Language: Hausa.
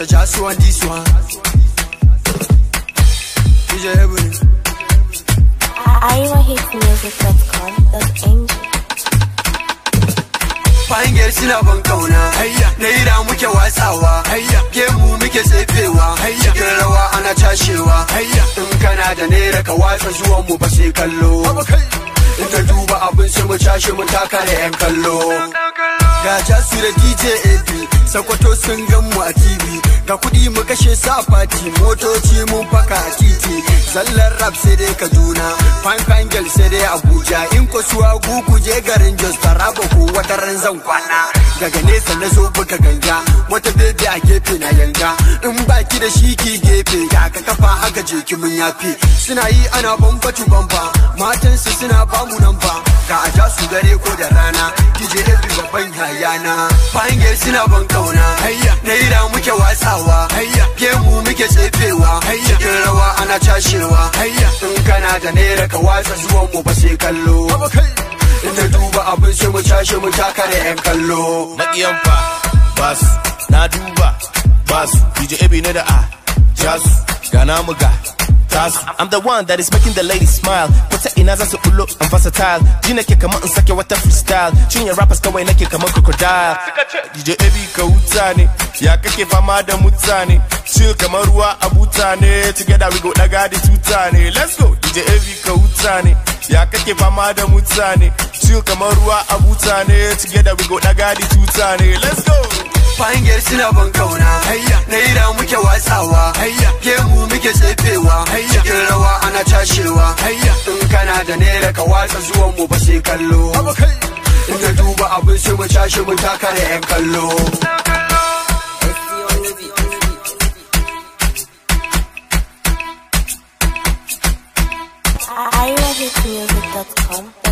I just want this one. DJ Ebony. Iowa Hits Music.com. That's Angel. Fine girls suna ban kauna Na Hey muke watsawa Gemu muke tsefewa Cikin rawa ana cashewa In kana da naira ka watsa zuwan mu ba sai kallo In ka duba abin sai mu cashe mu taka da yan kallo Ga jasu da DJ AP sakwato sun gan mu a tv ga kudi mu kashe sa fati motoci mun faka a titi zallar rap sai dai kaduna fine fine girl sai dai abuja in ko ku gugu je garin jos taraba ko wataran zan kwana daga nesa na zo buga ganga wata bebe a gefe na yanga in baki da shi ki gefe ya ka kafa aka je ki mun yafi suna yi ana bambatu bamba su suna bamu nan ba ga a ja su dare ko da rana ki je da babban yayana bayan suna ban kauna da muke watsawa gemu muke tsefewa cikin rawa ana cashewa in kana da naira ka watsa zuwan mu ba sai kallo in duba abin sai mu tashi mu taka da yan kallo makiyan fa bas na duba bas DJ Ebi ne da a jas, ga namu ga I'm the one that is making the ladies smile Wata ina za su ulo I'm versatile Ji nake kamar in sake wata freestyle Cinye rappers kawai nake kamar crocodile DJ Ebi ka huta ne Ya kake fama da mutane Chill kamar ruwa a buta ne Together we go daga da tuta ne Let's go DJ Ebi ka huta ne Ya kake fama da mutane chill kamar ruwa a buta ne together we go daga di tuta ne let's go fahimgar suna ban kauna ira muke watsawa gemu muke tsefewa cikin rawa ana cashewa in kana da naira ka watsa zuwan mu ba sai kallo in na duba abin sai mu cashe mu taka da yan kallo iRabbitMusic.com